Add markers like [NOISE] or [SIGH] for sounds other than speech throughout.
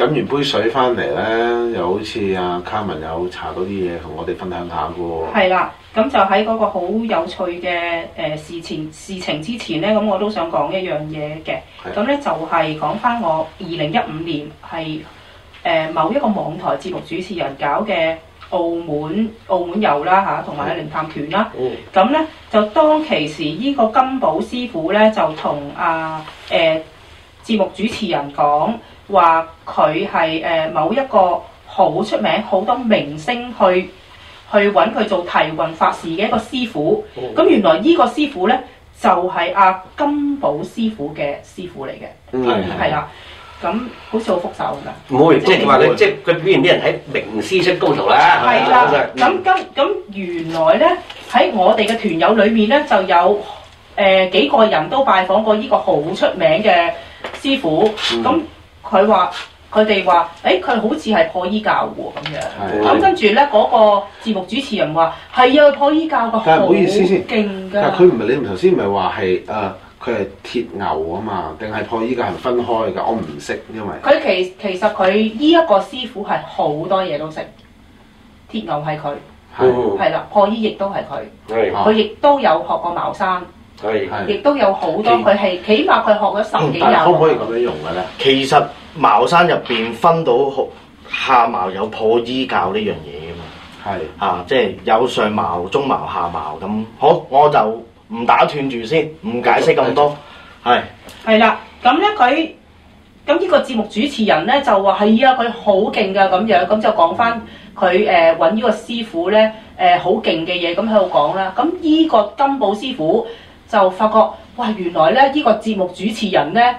飲完杯水翻嚟咧，又好似阿卡文有查到啲嘢，同我哋分享下噶喎。係啦，咁就喺嗰個好有趣嘅誒事前事情之前咧，咁我都想講一樣嘢嘅。咁咧的就係講翻我二零一五年係誒某一個網台節目主持人搞嘅澳門澳門遊啦嚇，同埋阿靈探團啦。咁咧、哦、就當其時呢個金寶師傅咧就同阿誒節目主持人講。話佢係誒某一個好出名、好多明星去去揾佢做提運法事嘅一個師傅，咁、嗯原，就是啊、原來呢個師傅咧就係阿金寶師傅嘅師傅嚟嘅，係啦，咁好似好復仇咁啊！唔會，即係話你，即係佢表現啲人係明師出高徒啦，係啦。咁咁咁，原來咧喺我哋嘅團友裏面咧就有誒、呃、幾個人都拜訪過呢個好出名嘅師傅，咁。嗯佢話佢哋話，誒佢、欸、好似係破衣教喎咁樣。咁跟住咧，嗰、那個節目主持人話：係啊，破衣教個好意思先，勁㗎是。但係佢唔係你頭先唔係話係誒佢係鐵牛啊嘛？定係破衣教係分開㗎？我唔識，因為佢其其實佢依一個師傅係好多嘢都識，鐵牛係佢，係啦的、哦，破衣亦都係佢，佢亦、嗯、都有學過茅山。係，亦對都有好多，佢係對起碼佢學咗十幾日，可唔可以咁樣用㗎咧？是其實茅山入邊分到下茅有破衣教呢樣嘢㗎嘛。係對啊，即係有上茅、中茅、下茅咁。好，我就唔打斷住先，唔解釋咁多。係係啦，咁咧佢咁呢個節目主持人咧就話係啊，佢好勁㗎咁樣，咁就講翻佢誒揾呢個師傅咧誒好勁嘅嘢，咁喺度講啦。咁呢個金寶師傅。就發覺哇，原來咧依個節目主持人咧，誒、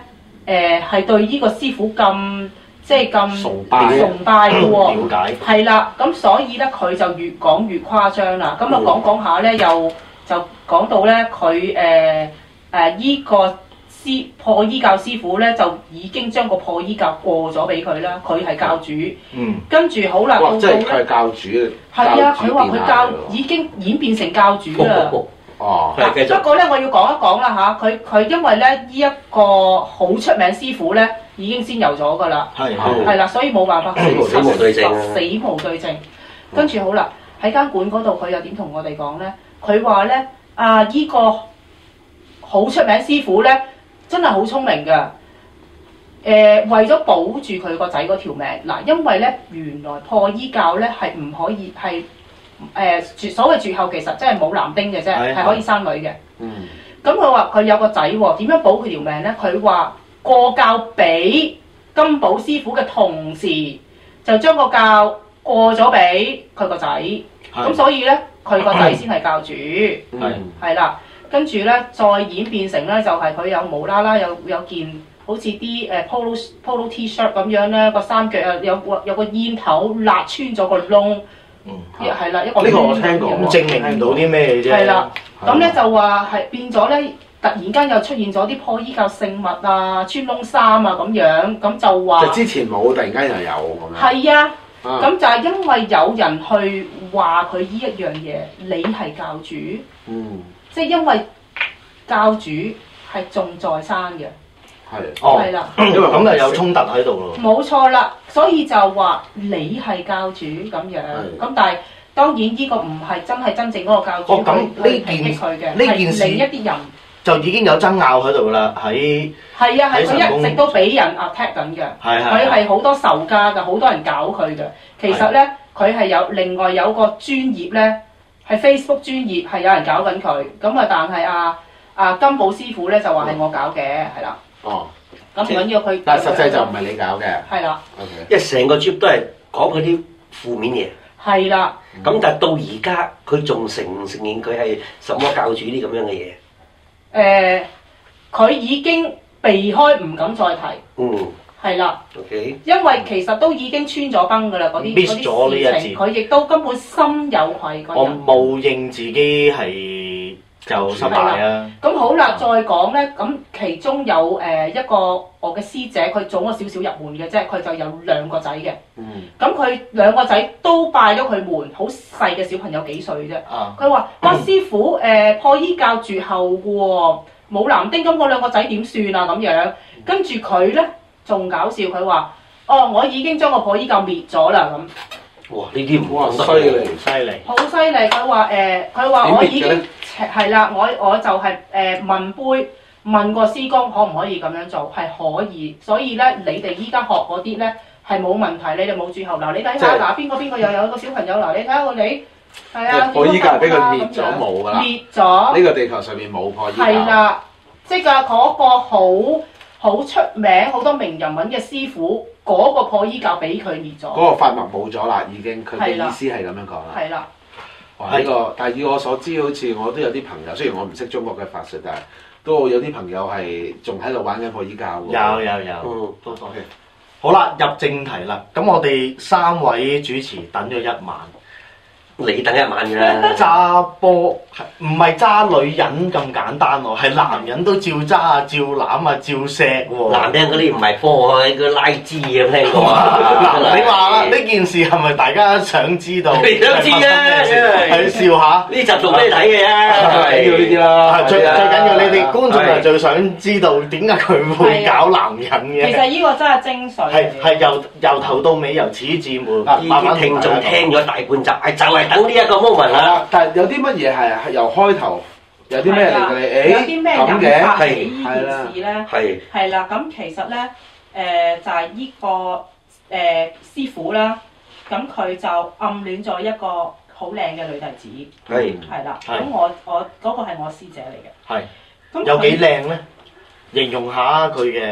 呃、係對呢個師傅咁即係咁崇拜崇拜嘅喎，係、就、啦、是，咁所以咧佢就越講越誇張啦。咁、呃、啊講講下咧又就講到咧佢誒誒依個師破衣教師傅咧就已經將個破衣教過咗俾佢啦，佢係教主，嗯，跟住好啦，即係佢係教主。係啊，佢話佢教已經演變成教主啦。嗯嗯。哦，嗱，不過咧，我要講一講啦嚇，佢佢因為咧依一個好出名師傅咧，已經仙遊咗噶啦，係係是，啦是，所以冇辦法死無對證，死無對證。 [COUGHS] 跟住好啦，喺間館嗰度，佢又點同我哋講咧？佢話咧啊，依、這個好出名師傅咧，真係好聰明嘅。誒、呃，為咗保住佢個仔嗰條命，嗱、呃，因為咧原來破衣教咧係唔可以係。.誒，絕所謂絕後其實真係冇男丁嘅啫，係可以生女嘅。咁佢話佢有個仔喎，點樣保佢條命咧？佢話過教俾金寶師傅嘅同時，就將個教過咗俾佢個仔。咁是所以咧，佢個仔先係教主。係啦、嗯，跟住咧再演變成咧，就係佢有冇啦啦有有件好似啲誒 polo polo t-shirt 咁樣咧，個衫腳啊，有個有個煙頭辣穿咗個窿。亦係啦，呢個我聽過。咁個證明唔到啲咩嘢啫。係啦了，咁咧的就話係變咗咧，突然間又出現咗啲破衣舊聖物啊、穿窿衫啊咁樣，咁就話就之前冇，突然間又有咁樣。係啊的，咁、嗯、就係因為有人去話佢依一樣嘢，你係教主。嗯。即係因為教主係仲在生嘅。係，哦，嗯、因為咁就係有衝突喺度咯。冇錯啦，所以就話你係教主咁樣，咁的但係當然呢個唔係真係真正嗰個教主去抨擊佢嘅，係另一啲人就已經有爭拗喺度啦。喺喺神佢一直都俾人 attack 緊嘅，佢係好多仇家嘅，好多人搞佢嘅。其實咧，佢係的有另外有個專頁咧，係 Facebook 專頁係有人搞緊佢，咁啊，但係啊啊金寶師傅咧就話係我搞嘅，係啦、嗯。哦，咁唔緊要佢，但實際就唔係你搞嘅，係啦，因為成個 job 都係講嗰啲負面嘢，係啦。咁但到而家佢仲承唔承認佢係什麼教主呢咁樣嘅嘢？誒，佢已經避開唔敢再提，嗯，係啦，因為其實都已經穿咗崩噶啦，嗰啲嗰啲事情，佢亦都根本心有愧。我冇認自己係。就失敗啦。咁好啦，再講咧，咁其中有誒一個我嘅師姐，佢早我少少入門嘅啫，佢就有兩個仔嘅。嗯。咁佢兩個仔都拜咗佢門，好細嘅小朋友幾歲啫？佢話，啊：，哇，師傅誒，呃、破衣教住後喎，冇男丁，咁我兩個仔點算啊？咁樣。跟住佢咧，仲搞笑，佢話：，哦，我已經將個破衣教滅咗啦。咁。哇！呢啲好犀利，犀利，好犀利。佢話誒，佢話我已經係啦，我我就係、是、誒、呃、問杯問個師公可唔可以咁樣做？係可以。所以咧，你哋依家學嗰啲咧係冇問題。你哋冇住後樓。你睇下嗱，邊、就是、個邊個又有，有一個小朋友嗱，你睇下我哋。係的啊。我依家俾佢滅咗冇㗎啦，滅咗。呢個地球上面冇可以。係啦，即係嗰個好好出名，好多名人揾嘅師傅。嗰個破衣教俾佢滅咗，嗰個法物冇咗啦，已經。佢嘅意思係咁樣講啦。係啦。呢個，但係以我所知，好似我都有啲朋友，雖然我唔識中國嘅法術，但係都有啲朋友係仲喺度玩緊破衣教有。有有有。嗯，多謝。好啦，入正題啦。咁我哋三位主持等咗一晚。你等一晚嘅啦，揸波唔係揸女人咁簡單喎，係男人都照揸啊，照攬啊，照錫喎。難聽嗰啲唔係科，佢拉枝咁聽過嗱，你話呢件事係咪大家想知道？想知啊，係笑下呢集做咩睇嘅啫？睇到呢啲啦，最最緊要你哋觀眾又最想知道點解佢會搞男人嘅。其實呢個真係精髓。係係由由頭到尾由始至末，啲聽眾聽咗大半集係就係好呢一個 moment 啦，但係有啲乜嘢係係由開頭有啲咩嚟嘅？誒咁嘅係呢件事咧，係係啦。咁其實咧，誒就係呢個誒師傅啦。咁佢就暗戀咗一個好靚嘅女弟子，係係啦。咁我我嗰個係我師姐嚟嘅。係咁有幾靚咧？形容下佢嘅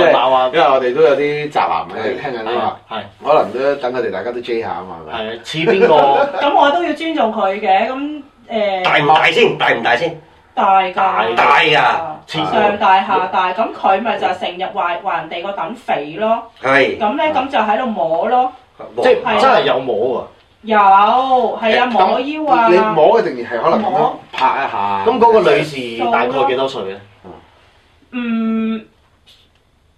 外貌啊，因為我哋都有啲宅男嘅聽緊啊，係，可能都等佢哋大家都 j 下啊嘛，係咪？係似邊個？咁我都要尊重佢嘅，咁誒。大唔大先？大唔大先？大㗎。大㗎。上大下大，咁佢咪就成日話話人哋個等肥咯。係。咁咧，咁就喺度摸咯。即係真係有摸喎。有，係啊，摸腰啊。你摸嘅定義係可能拍一下。咁嗰個女士大概幾多歲啊？嗯，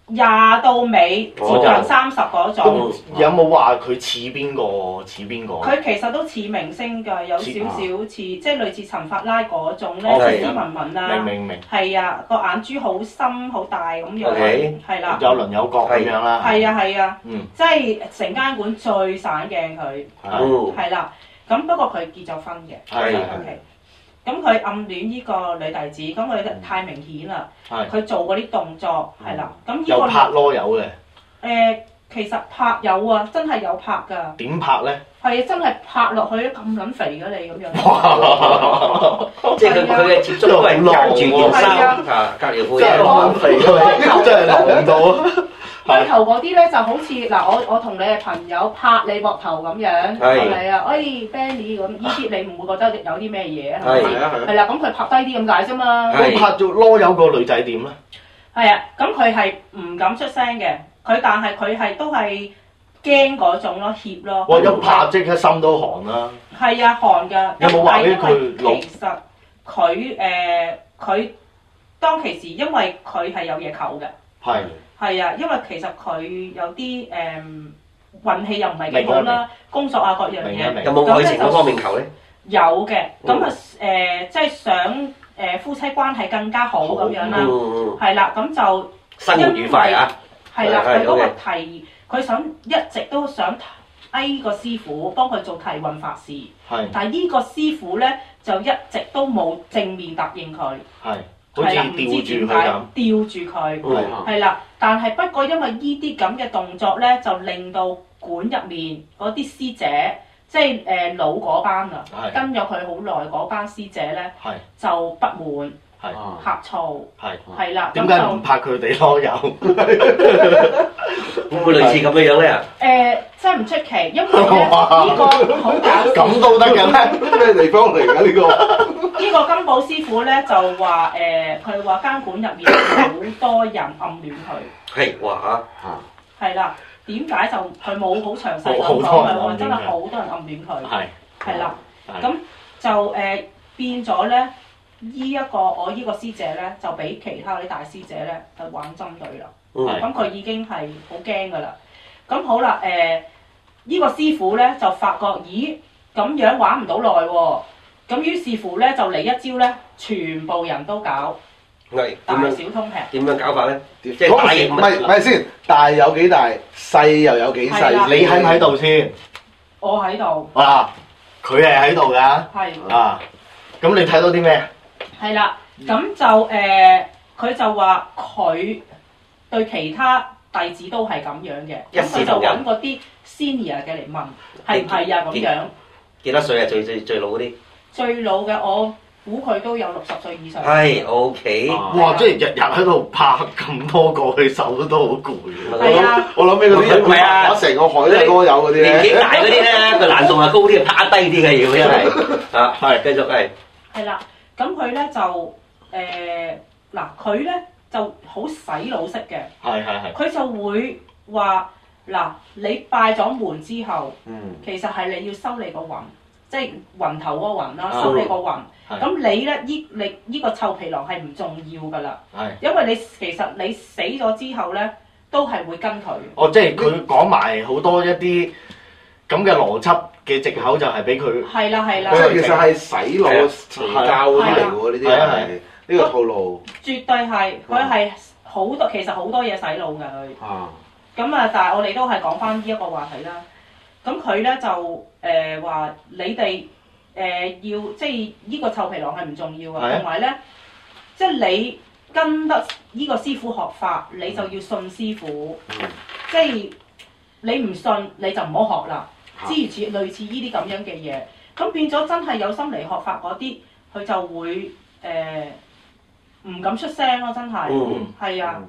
廿到尾接近三十嗰種，有冇話佢似邊個？似邊個？佢其實都似明星㗎，有少少似，即係類似陳法拉嗰種咧，斯斯文文啦，明明。係啊，個眼珠好深好大咁樣，係啦，有輪有角咁樣啦，係啊係啊，即係成間館最散鏡佢，係啦，咁不過佢結咗婚嘅，係係。咁佢暗戀呢個女弟子，咁佢太明顯啦。佢、嗯、做嗰啲動作係啦。咁呢、嗯這個拍囉柚嘅。誒、呃。其實拍有啊，真係有拍㗎。點拍咧？係啊，真係拍落去咁撚肥㗎你咁樣。即係佢嘅接觸度，隔住件衫，隔條褲，真係好肥嘅。即係我開頭嗰啲咧，就好似嗱，我我同你嘅朋友拍你膊頭咁樣，係咪啊？哎，Benny 咁，依啲你唔會覺得有啲咩嘢係咪啊？係啦，咁佢拍低啲咁解啫嘛。咁拍咗囉柚個女仔點咧？係啊，咁佢係唔敢出聲嘅。佢，但係佢係都係驚嗰種咯，怯咯。我一拍即刻心都寒啦。係啊，寒㗎。有冇話咧？佢其實佢誒佢當其時，因為佢係有嘢求嘅。係。係啊，因為其實佢有啲誒運氣又唔係幾好啦，工作啊各樣嘢。有冇感情嗰方面求咧？有嘅。咁啊誒，即係想誒夫妻關係更加好咁樣啦。係啦，咁就。生愉快啊！係啦，佢嗰個提佢想一直都想呢個師傅幫佢做提運法事，但係呢個師傅咧就一直都冇正面答應佢。係係啦，唔知點解吊住佢，係啦。但係不過因為呢啲咁嘅動作咧，就令到館入面嗰啲師姐，即係誒老嗰班啦，跟咗佢好耐嗰班師姐咧就不滿。係呷醋，係係啦。點解唔拍佢哋拖油？會唔會類似咁嘅樣咧？誒，真唔出奇，因為呢個好簡單。咁都得嘅咩？咩地方嚟嘅呢個？呢個金寶師傅咧就話誒，佢話監管入面好多人暗戀佢。係話啊！嚇！係啦，點解就佢冇好詳細講咧？我真係好多人暗戀佢。係係啦，咁就誒變咗咧。依一、這個我呢個師姐咧，就俾其他啲大師姐咧，係玩針對啦。咁佢、嗯、已經係、嗯、好驚噶啦。咁好啦，誒、這、依個師傅咧就發覺，咦咁樣玩唔到耐喎。咁於是乎咧就嚟一招咧，全部人都搞。係大小通吃點樣搞法咧？大唔係唔係先？大有幾大？細又有幾細？你喺唔喺度先？我喺度。啊！佢係喺度噶。係。是的 啊！咁你睇到啲咩？係啦，咁、嗯、就誒，佢、呃、就話佢對其他弟子都係咁樣嘅，咁佢就揾嗰啲 senior 嘅嚟問係唔係啊？咁樣幾多歲啊？最最最老嗰啲最老嘅，我估佢都有六十歲以上。係，OK。哇！即係日日喺度拍咁多個，去，手都好攰。係啊！的我諗起佢啲攰啊！成、哎、個海都係歌友嗰啲年紀大嗰啲咧，個難度又高啲，拍低啲嘅要真係啊！係 [LAUGHS] [LAUGHS] 聽繼續係係啦。 [LAUGHS] 咁佢咧就誒嗱，佢、呃、咧就好洗腦式嘅，佢就會話：嗱，你拜咗門之後，嗯、其實係你要收你個魂，即、就、係、係、魂頭個魂啦，收你個魂。咁、哦、你咧呢係你呢個臭皮囊係唔重要㗎啦，係因為你其實你死咗之後咧，都係會跟佢。哦，即係佢講埋好多一啲咁嘅邏輯。嘅藉口就係俾佢，係啦，係啦，佢其實係洗腦邪教嚟喎，呢啲係呢個套路。絕對係佢係好多，其實好多嘢洗腦㗎佢。咁啊，但係我哋都係講翻呢一個話題啦。咁佢咧就誒話你哋誒要即係呢個臭皮囊係唔重要嘅，同埋咧即係你跟得呢個師傅學法，你就要信師傅。即係你唔信你就唔好學啦。之如此類似呢啲咁樣嘅嘢，咁變咗真係有心理學法嗰啲，佢就會誒唔敢出聲咯，真係，係啊。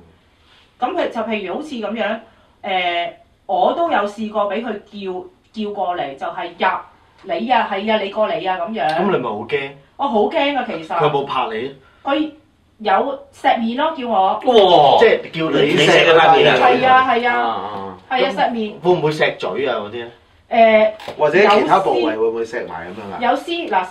咁佢就譬如好似咁樣誒，我都有試過俾佢叫叫過嚟，就係入你啊，係啊，你過嚟啊咁樣。咁你咪好驚？我好驚啊！其實佢冇拍你？佢有石面咯，叫我。哇！即係叫你石嘅塊面啊！係啊係啊，係啊石面。會唔會石嘴啊？嗰啲咧？誒、呃、或者其他部位思會唔會錫埋咁樣？啊？有撕嗱。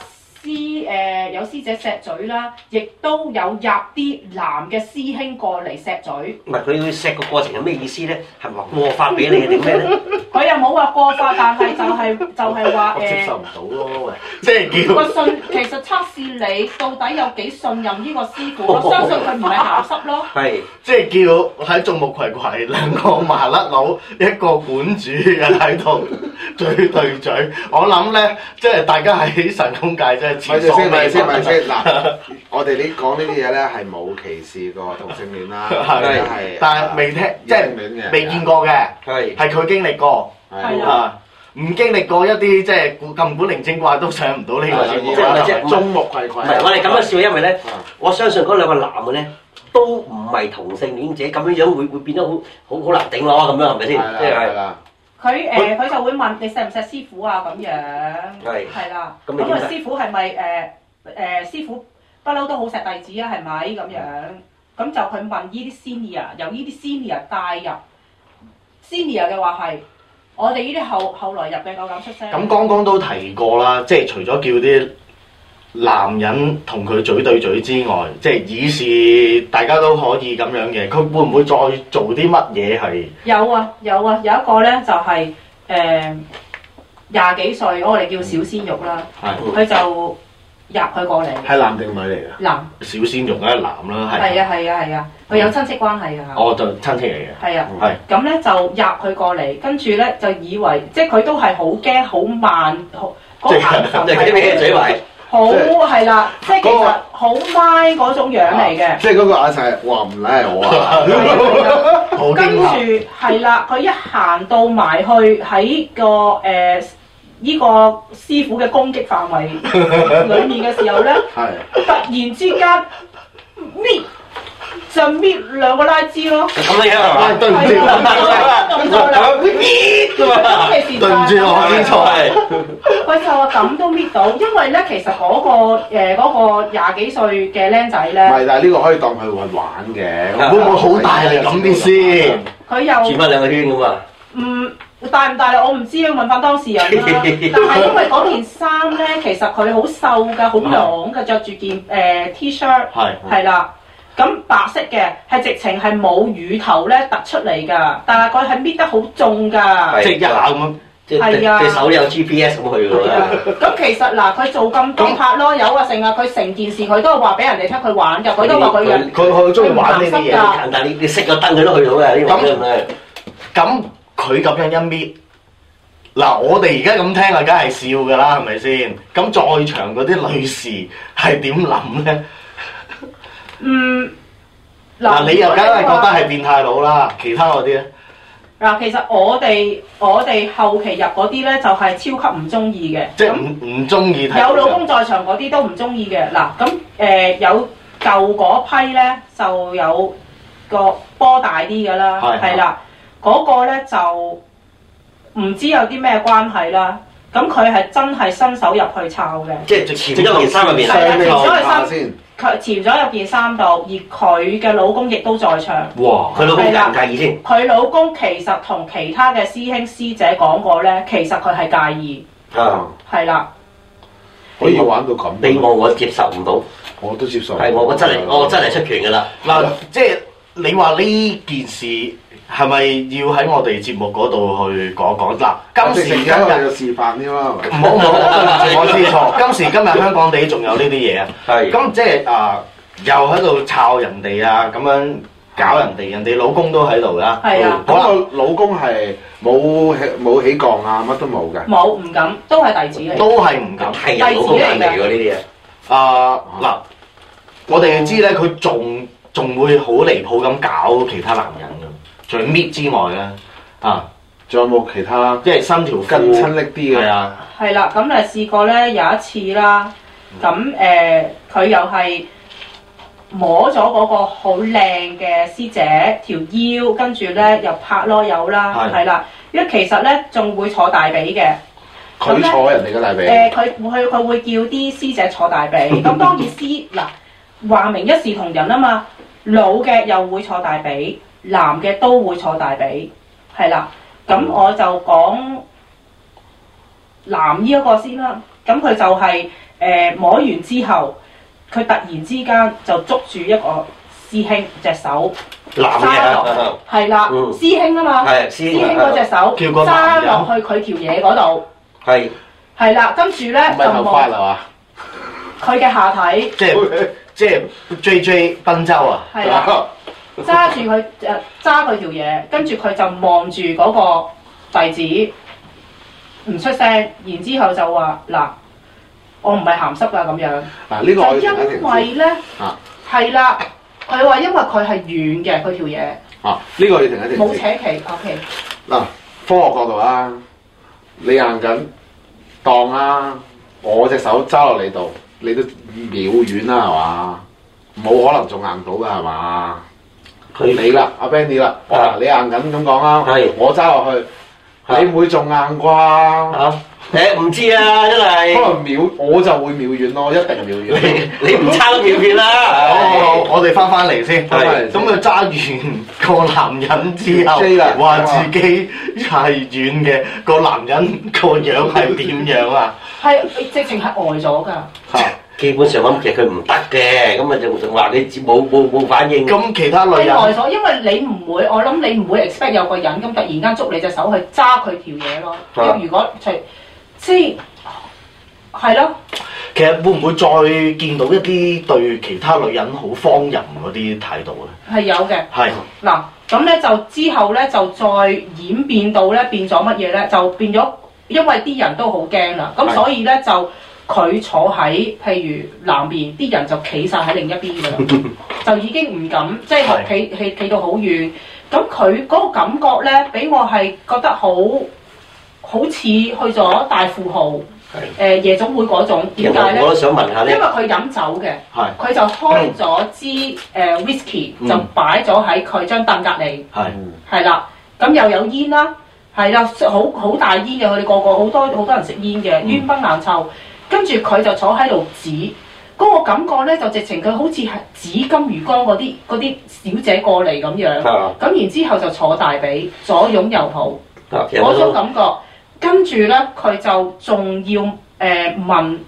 師誒有師姐錫嘴啦，亦都有入啲男嘅師兄過嚟錫嘴。唔係佢錫個過程係咩意思咧？係咪過發俾你定咩咧？佢又冇話過發，但係就係、是、就係、是、話我接受唔到咯，呃呃、即係叫個信。其實測試你到底有幾信任呢個師傅，我 [LAUGHS] 相信佢唔係鹹濕咯。係 [LAUGHS] 是即係叫喺眾目睽睽，兩個麻甩佬一個館主喺度嘴對嘴。我諗咧，即係大家喺神功界啫。我哋先問先問先嗱，我哋呢講呢啲嘢咧係冇歧視過同性戀啦，但係但係未聽即係未見過嘅，係係佢經歷過啊，唔經歷過一啲即係咁古靈精怪都上唔到呢個節目即係即係眾目睽睽唔係？我哋咁樣笑，因為咧，我相信嗰兩個男嘅咧都唔係同性戀者，咁樣樣會會變得好好好難頂攞啊！咁樣係咪先？即係。佢誒佢就會問你錫唔錫師傅啊咁樣，係啦的，咁啊的師傅係咪誒誒師傅不嬲都好錫弟子啊係咪咁樣？咁就佢問呢啲 senior，由呢啲 senior 帶入 senior 嘅話係，我哋呢啲後後來入嘅夠敢出聲。咁剛剛都提過啦，即係除咗叫啲。男人同佢嘴對嘴之外，即係以示大家都可以咁樣嘅。佢會唔會再做啲乜嘢係？有啊有啊，有一個咧就係誒廿幾歲，我哋叫小鮮肉啦。係。佢就入佢過嚟。係男定女嚟㗎？男。小鮮肉啦，男啦。係啊係啊係啊！佢有親戚關係㗎。哦，就親戚嚟嘅。係啊。係。咁咧就入佢過嚟，跟住咧就以為，即係佢都係好驚、好慢、好即係。即係咩嘴圍？好係啦，即係其實好歪嗰種樣嚟嘅。即係嗰、這個阿齊話唔理係我啊，跟住係啦，佢一行到埋去喺個誒呢個師傅嘅攻擊範圍裡面嘅時候咧， [LAUGHS] 的突然之間，咩？就搣兩個拉枝咯，咁你啊，對唔住啦，咁就兩搣，蹲住我，唔錯，佢就話，咁都搣到，因為咧其實嗰個誒嗰個廿幾歲嘅僆仔咧，唔係，但係呢個可以當佢玩嘅，會唔會好大力咁啲先？佢又轉翻兩個圈咁嘛。嗯，大唔大？我唔知啊，問翻當事人啦。但係因為嗰件衫咧，其實佢好瘦噶，好長噶，着住件誒 T-shirt，係係啦。咁白色嘅係直情係冇乳頭咧突出嚟噶，但係佢係搣得好重噶，即係一下咁樣，即係隻手有 GPS 咁去㗎。咁其實嗱，佢做咁多拍咯，有啊，成日佢成件事佢都話俾人哋聽，佢玩㗎，佢都話佢佢好中意玩呢啲嘢。但係你你熄咗燈，佢都去到嘅呢個咁咁佢咁樣一搣嗱，我哋而家咁聽啊，梗係笑㗎啦，係咪先？咁在場嗰啲女士係點諗咧？嗯，嗱、啊，你又梗係覺得係變態佬啦，啊、其他嗰啲咧？嗱、啊，其實我哋我哋後期入嗰啲咧，就係超級唔中意嘅。即係唔唔中意睇。那有老公在場嗰啲都唔中意嘅。嗱、啊，咁誒、呃、有舊嗰批咧，就有個波大啲嘅啦，係啦，嗰個咧就唔知有啲咩關係啦。咁佢係真係伸手入去抄嘅，即係就潛咗件衫入面啊！潛咗入先，佢潛咗入件衫度，而佢嘅老公亦都在場。哇！佢老公介唔介意先？佢老公其實同其他嘅師兄師姐講過咧，其實佢係介意。啊，係啦，可以玩到咁，你我我接受唔到，我都接受。係我我真係我真係出拳㗎喇嗱，即係你話呢件事。係咪要喺我哋節目嗰度去講講嗱、啊？今時今日嘅示範啲咯，唔好唔好，我知錯。今時今日香港地仲有呢啲嘢啊！係咁即係啊、呃，又喺度摷人哋啊，咁樣搞人哋。啊、人哋老公都喺度啦，好啦、啊，嗯、嗰個老公係冇起冇起降啊，乜都冇㗎。冇唔敢，都係弟子嚟。都係唔敢，係人子老公嚟㗎呢啲嘢啊！嗱、啊，啊、我哋知咧，佢仲仲會好離譜咁搞其他男人。除搣之外咧，啊、嗯，仲有冇其他？即係三條筋親力啲嘅。係啦，咁誒試過咧有一次啦，咁誒佢又係摸咗嗰個好靚嘅師姐條腰，跟住咧又拍落油啦，係啦的，因為其實咧仲會坐大髀嘅。佢坐人哋嘅大髀。誒，佢、呃、會佢會叫啲師姐坐大髀。咁 [LAUGHS] 當然師嗱話明一視同仁啊嘛，老嘅又會坐大髀。男嘅都會坐大髀，係啦。咁我就講男依一個先啦。咁佢就係、是、誒、呃、摸完之後，佢突然之間就捉住一個師兄隻手，攤落係啦。師兄嘛啊嘛，師兄嗰隻手揸落去佢條嘢嗰度。係係啦，跟住咧、啊、就摸佢嘅下體。即是、哎、呦即追追賓周啊？係啊。對揸住佢，誒揸佢條嘢，跟住佢就望住嗰個弟子，唔出聲，然之後，後就話嗱，我唔係鹹濕㗎咁樣。嗱呢個就因為咧，係啦、啊，佢話因為佢係軟嘅，佢條嘢。啊，呢、這個要停一陣冇扯旗，OK。嗱、啊，科學角度啊，你硬緊檔啦，我隻手揸落你度，你都秒遠啦係嘛？冇可能仲硬到㗎係嘛？佢你啦，阿 Benny 啦，嗱你硬緊咁講啦，我揸落去，你唔會仲硬啩？誒唔知啊，真係可能秒，我就會秒軟咯，一定秒軟。你唔差都秒軟啦。好，我哋翻翻嚟先。咁就揸完個男人之後，話自己係軟嘅個男人個樣係點樣啊？係直情係呆咗噶。基本上咁，其實佢唔得嘅，咁咪就話你冇冇冇反應。咁其他女人，因為你唔會，我諗你唔會 expect 有個人咁突然間捉你隻手去揸佢條嘢咯。咁如果除即係咯，其實會唔會再見到一啲對其他女人好荒淫嗰啲態度咧？係有嘅。係嗱的，咁咧就之後咧就再演變到咧變咗乜嘢咧？就變咗，因為啲人都好驚啦，咁所以咧就。佢坐喺譬如南邊，啲人就企晒喺另一邊噶啦， [LAUGHS] 就已經唔敢即係企企企到好遠。咁佢嗰個感覺咧，俾我係覺得好好似去咗大富豪，誒是的、呃、夜總會嗰種。點解咧？我想問下因為佢飲酒嘅，佢是的 就開咗支誒 whisky 就擺咗喺佢張凳隔離，係啦，咁又有煙啦，係啦，好好，好大煙嘅。佢哋個個好多好多人食煙嘅，煙不難臭。嗯 [LAUGHS] 跟住佢就坐喺度指，嗰、那個感覺咧就直情佢好似係紫金魚缸嗰啲啲小姐過嚟咁樣，咁 [NOISE] 然之後就坐大髀，左擁右抱嗰 [NOISE] 種感覺。跟住咧佢就仲要誒、呃、問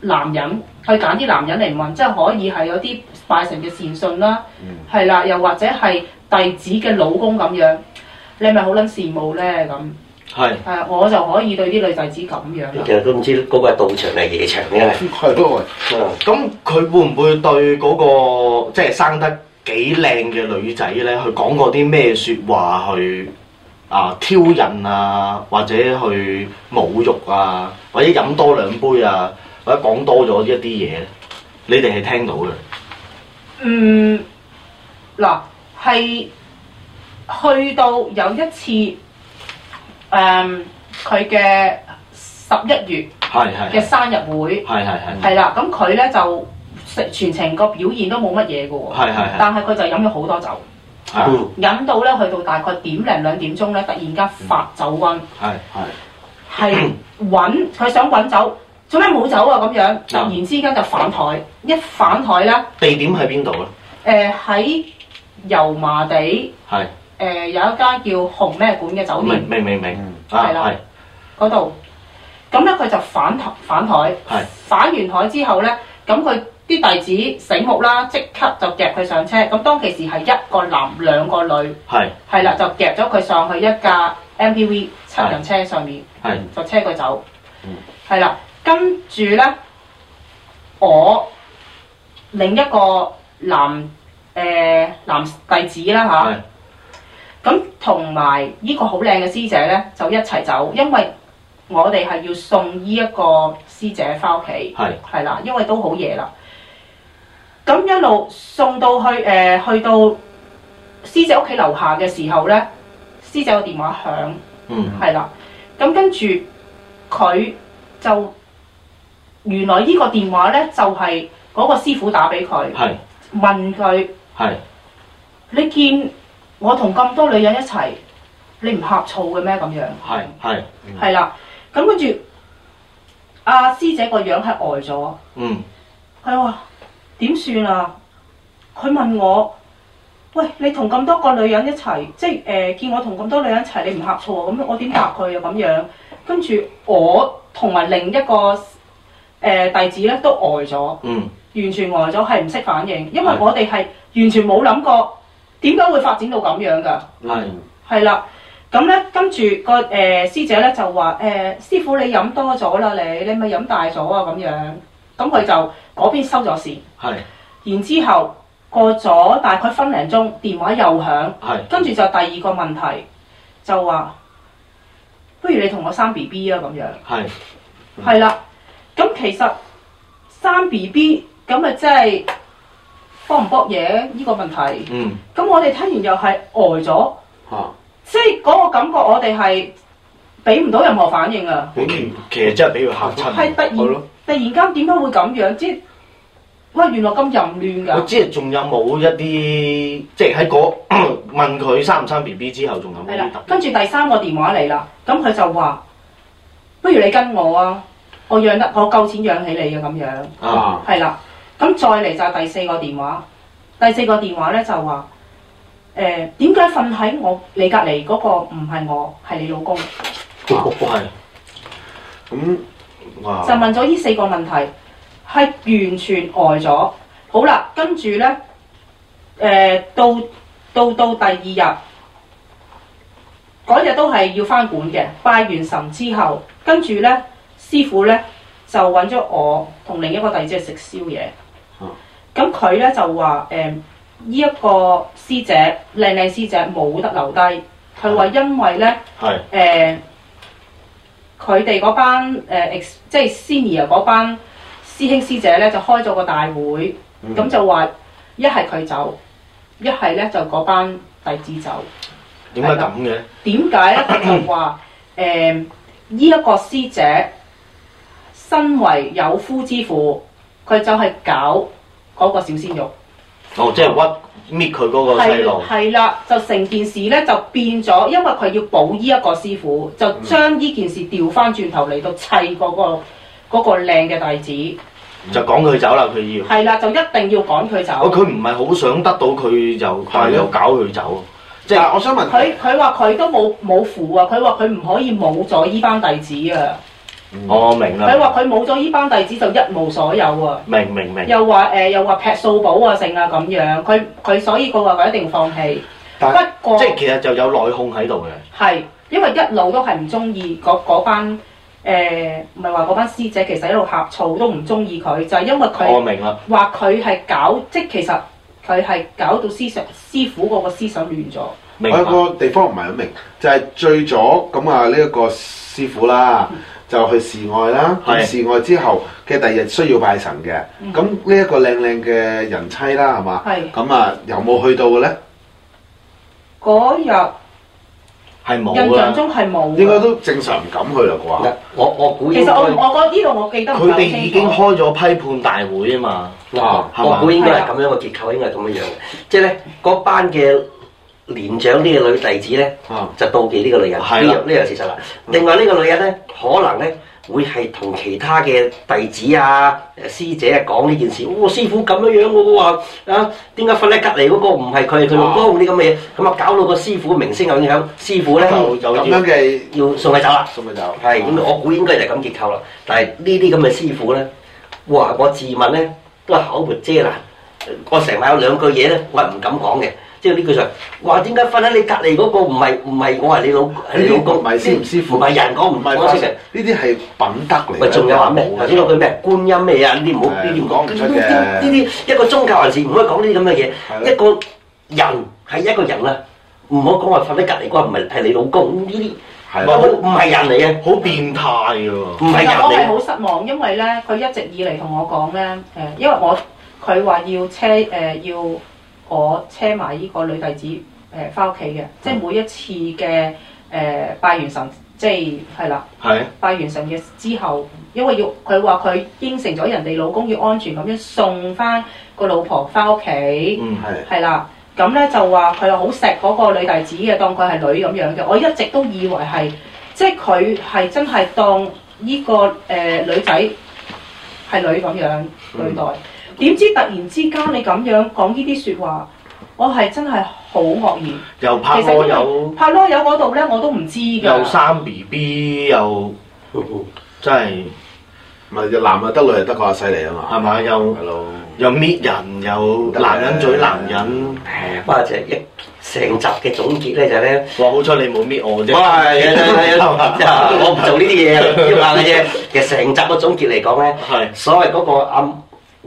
男人，去揀啲男人嚟問，即係可以係有啲拜神嘅善信啦，係 [NOISE] 啦，又或者係弟子嘅老公咁樣，你係咪好撚羨慕咧咁？係，係是我就可以對啲女仔子咁樣。其實都唔知嗰個係道場定係夜場嘅。係咁佢會唔會對嗰、那個即係、就是、生得幾靚嘅女仔咧？佢講過啲咩說話去啊挑釁啊，或者去侮辱啊，或者飲多兩杯啊，或者講多咗一啲嘢咧？你哋係聽到嘅。嗯，嗱，係去到有一次。誒，佢嘅十一月嘅生日會，係啦的，咁佢咧就全程個表現都冇乜嘢嘅喎，是是是但係佢就飲咗好多酒，飲的、嗯、到咧去到大概點零兩點鐘咧，突然間發酒瘟，係係係搵，佢的想搵酒做咩冇酒啊？咁樣突的然之間就反台，一反台咧，地點喺邊度咧？誒、呃，喺油麻地。係。誒、有一間叫紅咩館嘅酒店，明明明，係啦，嗰度咁咧，佢就反台反台，反完台之後咧，咁佢啲弟子醒目啦，即刻就夾佢上車。咁當其時係一個男兩個女，係係啦，就夾咗佢上去一架 MPV 七人車上面，就車佢走，係啦，跟住咧我另一個男誒男弟子啦嚇。咁同埋依個好靚嘅師姐咧，就一齊走，因為我哋係要送依一個師姐翻屋企，係係啦，因為都好夜啦。咁一路送到去誒、呃，去到師姐屋企樓下嘅時候咧，師姐個電話響，嗯，係啦。咁跟住佢就原來呢個電話咧，就係嗰個師傅打俾佢，係問佢，係你見我同咁多女人一齊，你唔呷醋嘅咩？咁樣係係係啦，咁跟住阿師姐個樣係呆咗，嗯，佢話點算啊？佢、嗯啊、問我喂，你同咁多個女人一齊，即係誒、呃，見我同咁多女人一齊，你唔呷醋啊？咁我點答佢啊？咁樣跟住我同埋另一個誒、呃、弟子咧都呆咗，嗯，完全呆咗，係唔識反應，因為，是因為我哋係完全冇諗過。點解會發展到咁樣噶？係係啦，咁咧跟住個誒師姐咧就話：誒、呃、師傅你飲多咗啦，你你咪飲大咗啊咁樣。咁佢就嗰邊收咗綫。係、mm。Hmm. 然之後過咗大概分零鐘，電話又響。係、mm。跟、hmm. 住就第二個問題，就話，不如你同我生 B B 啊咁樣。係、mm。係、hmm. 啦，咁其實生 B B 咁咪即係。搏唔搏嘢？呢、這個問題。嗯。咁我哋聽完又係呆咗。啊。即係嗰個感覺，我哋係俾唔到任何反應啊。俾、嗯、其實真係俾佢嚇親。係突然，吧突然間點解會咁樣？即係，喂，原來咁淫亂噶。即係仲有冇一啲，即係喺嗰問佢生唔生 B B 之後有有，仲有冇？係啦。跟住第三個電話嚟啦，咁佢就話，不如你跟我啊，我養得我夠錢養起你嘅咁樣。啊。係啦。咁再嚟就第四個電話，第四個電話咧就話：誒，點解瞓喺我你隔離嗰個唔係我，係你老公？係哇。咁，就問咗呢四個問題，係完全呆咗。好啦，跟住咧，誒、呃、到到到第二日，嗰日都係要翻館嘅，拜完神之後，跟住咧師傅咧。就揾咗我同另一個弟子去食宵夜。哦、嗯，咁佢咧就話誒，依一個師姐靚靚師姐冇得留低。佢話因為咧誒，佢哋嗰班誒即係 Cindy 嗰班師兄師姐咧就開咗個大會，咁就話一係佢走，一係咧就嗰班弟子走。點解咁嘅？點解咧？佢就話誒，依一個師姐。身為有夫之婦，佢就係搞嗰個小鮮肉。哦，即係屈搣佢嗰個細路。係係啦，就成件事咧就變咗，因為佢要保依一個師傅，就將依件事調翻轉頭嚟到砌嗰個嗰個靚嘅弟子。嗯、就趕佢走啦！佢要係啦，就一定要趕佢走。哦，佢唔係好想得到佢，就但係又搞佢走。即係、啊就是、我想問佢，佢話佢都冇冇符啊！佢話佢唔可以冇咗依班弟子啊！我、哦、明啦，佢話佢冇咗依班弟子就一無所有啊！明明明又、呃，又話誒，又話劈掃寶啊，剩啊咁樣，佢佢所以佢話佢一定放棄。但不過即係其實就有內訌喺度嘅。係，因為一路都係唔中意嗰班誒，唔係話嗰班師姐，其實一路呷醋都唔中意佢，就係、是、因為佢。我、哦、明啦。話佢係搞，即係其實佢係搞到師上師傅嗰個思想亂咗。明白。我個地方唔係好明，就係醉咗。咁啊！呢一個師傅啦。嗯嗯就去示愛啦，去示愛之後嘅第日需要拜神嘅，咁呢一個靚靚嘅人妻啦，係嘛？咁啊是，有冇去到嘅咧？嗰日係冇，印象中係冇，應該都正常唔敢去啦啩。我我估其實我我覺得呢度我記得佢哋已經開咗批判大會啊嘛。哇、啊！吧我估應該係咁樣嘅、啊、結構，應該係咁樣嘅，即係咧嗰班嘅。年長啲嘅女弟子咧，嗯、就妒忌呢個女人。呢呢樣事實啦。嗯、另外呢個女人咧，可能咧會係同其他嘅弟子啊、師姐啊講呢件事。哇！師傅咁樣樣，我話啊，點解瞓喺隔籬嗰個唔係佢佢老公啲咁嘅嘢？咁啊，啊搞到個師傅名聲有影響。師傅咧，就咁樣嘅要送佢走啦，送佢走。係，我估應該就咁結構啦。但係呢啲咁嘅師傅咧，哇！我自問咧都係口沫遮攔。我成日有兩句嘢咧，我係唔敢講嘅。即係呢句上話，點解瞓喺你隔離嗰個唔係唔係我係你老係你老公？唔係師唔師傅，唔係人講唔我講嘅，呢啲係品德嚟。咪仲有話咩？頭先嗰句咩？觀音咩啊？你唔好呢啲唔講，呢啲一個宗教人士唔可以講呢啲咁嘅嘢。一個人係一個人啦，唔好講話瞓喺隔離嗰個唔係係你老公呢啲。係啦，唔係人嚟嘅，好變態嘅喎。其實我係好失望，因為咧佢一直以嚟同我講咧誒，因為我佢話要車誒要。我車埋呢個女弟子誒翻屋企嘅，即係每一次嘅誒、呃、拜完神，即係係啦，係，拜完神嘅之後，因為要佢話佢應承咗人哋老公要安全咁樣送翻個老婆翻屋企，係啦，係，咁咧，係，就話佢好錫嗰個女弟子嘅，當佢係女咁樣嘅。我一直都以為係，即係佢係真係當呢、呢個誒、呃、女仔係女咁樣對待。係。點知突然之間你咁樣講呢啲説話，我係真係好愕然。又拍咯有拍攞友嗰度咧，我都唔知嘅。又生 B B 又真係唔係男又得女又得個阿犀利啊嘛？係嘛？又又搣人又男人嘴男人。誒，不過就一成集嘅總結咧就係咧。哇！好彩你冇搣我啫。我我唔做呢啲嘢啊，彪嘅啫。其實成集嘅總結嚟講咧，所謂嗰個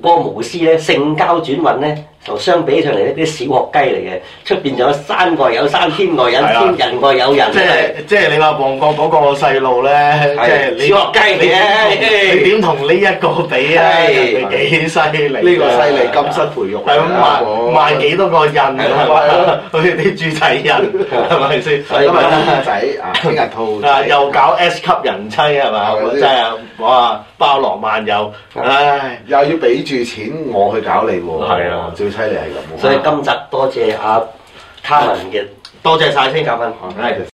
波個巫師咧，性交轉運咧，就相比起上嚟咧，啲小學雞嚟嘅。出邊仲有山外有山，天外有天，人外有人。即係即係你話旺角嗰個細路咧，即係小學雞嚟嘅，你點同呢一個比啊？你幾犀利？呢個犀利，金室培育。係咁，賣賣幾多個印啊？好似啲注仔人，係咪先？咁啊，豬仔啊，兔啊，又搞 S 級人妻係嘛？真係哇！包羅萬有，唉，又要俾住錢我去搞你喎，係啊的，最犀利係咁。所以今集多謝阿卡文嘅， [LAUGHS] 多謝晒先，教訓。係，係佢。